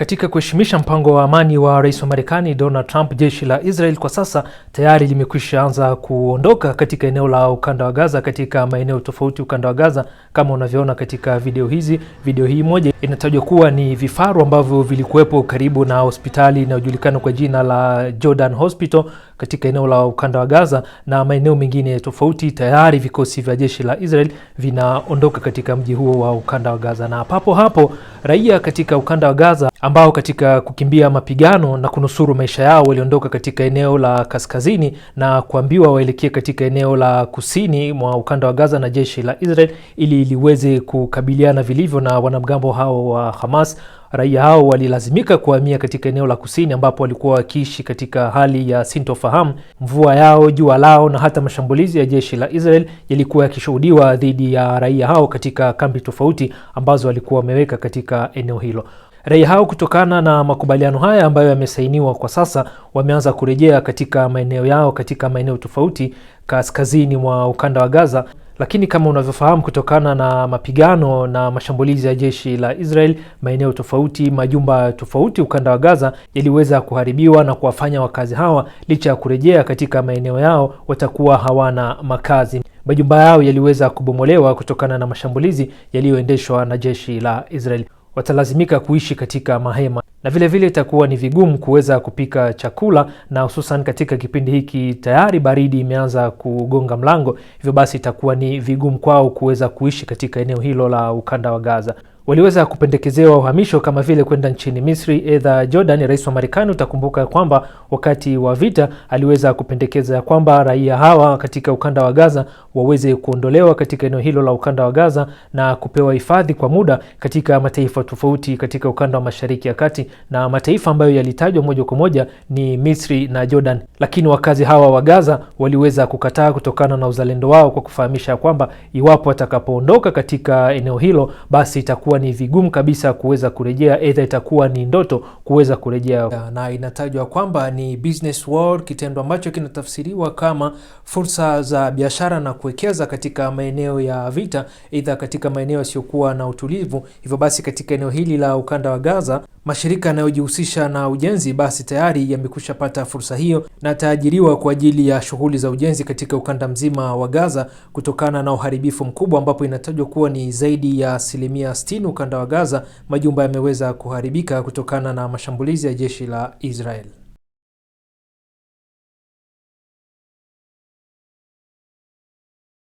Katika kuheshimisha mpango wa amani wa rais wa Marekani Donald Trump, jeshi la Israel kwa sasa tayari limekwisha anza kuondoka katika eneo la ukanda wa Gaza katika maeneo tofauti ukanda wa Gaza, kama unavyoona katika video hizi. Video hii moja inatajwa kuwa ni vifaru ambavyo vilikuwepo karibu na hospitali inayojulikana kwa jina la Jordan Hospital katika eneo la ukanda wa Gaza na maeneo mengine tofauti. Tayari vikosi vya jeshi la Israel vinaondoka katika mji huo wa ukanda wa Gaza, na papo hapo raia katika ukanda wa Gaza ambao katika kukimbia mapigano na kunusuru maisha yao waliondoka katika eneo la kaskazini na kuambiwa waelekee katika eneo la kusini mwa ukanda wa Gaza na jeshi la Israel ili liweze kukabiliana vilivyo na wanamgambo hao wa Hamas Raia hao walilazimika kuhamia katika eneo la kusini ambapo walikuwa wakiishi katika hali ya sintofahamu. Mvua yao, jua lao na hata mashambulizi ya jeshi la Israel yalikuwa yakishuhudiwa dhidi ya raia hao katika kambi tofauti ambazo walikuwa wameweka katika eneo hilo. Raia hao kutokana na makubaliano haya ambayo yamesainiwa kwa sasa, wameanza kurejea katika maeneo yao katika maeneo tofauti kaskazini mwa ukanda wa Gaza lakini kama unavyofahamu, kutokana na mapigano na mashambulizi ya jeshi la Israel maeneo tofauti, majumba tofauti ukanda wa Gaza yaliweza kuharibiwa na kuwafanya wakazi hawa, licha ya kurejea katika maeneo yao, watakuwa hawana makazi. Majumba yao yaliweza kubomolewa kutokana na mashambulizi yaliyoendeshwa na jeshi la Israel, watalazimika kuishi katika mahema na vile vile itakuwa ni vigumu kuweza kupika chakula na hususan katika kipindi hiki tayari baridi imeanza kugonga mlango, hivyo basi itakuwa ni vigumu kwao kuweza kuishi katika eneo hilo la ukanda wa Gaza waliweza kupendekezewa uhamisho kama vile kwenda nchini Misri edha Jordan. Rais wa Marekani, utakumbuka kwamba wakati wa vita aliweza kupendekeza kwamba raia hawa katika ukanda wa Gaza waweze kuondolewa katika eneo hilo la ukanda wa Gaza na kupewa hifadhi kwa muda katika mataifa tofauti katika ukanda wa Mashariki ya Kati, na mataifa ambayo yalitajwa moja kwa moja ni Misri na Jordan, lakini wakazi hawa wa Gaza waliweza kukataa kutokana na uzalendo wao kwa kufahamisha kwamba iwapo watakapoondoka katika eneo hilo basi itakuwa ni vigumu kabisa kuweza kurejea, aidha itakuwa ni ndoto kuweza kurejea. Na inatajwa kwamba ni business world, kitendo ambacho kinatafsiriwa kama fursa za biashara na kuwekeza katika maeneo ya vita, aidha katika maeneo yasiyokuwa na utulivu. Hivyo basi katika eneo hili la ukanda wa Gaza Mashirika yanayojihusisha na ujenzi basi tayari yamekushapata pata fursa hiyo na yataajiriwa kwa ajili ya shughuli za ujenzi katika ukanda mzima wa Gaza kutokana na uharibifu mkubwa, ambapo inatajwa kuwa ni zaidi ya asilimia 60 ukanda wa Gaza majumba yameweza kuharibika kutokana na mashambulizi ya jeshi la Israel.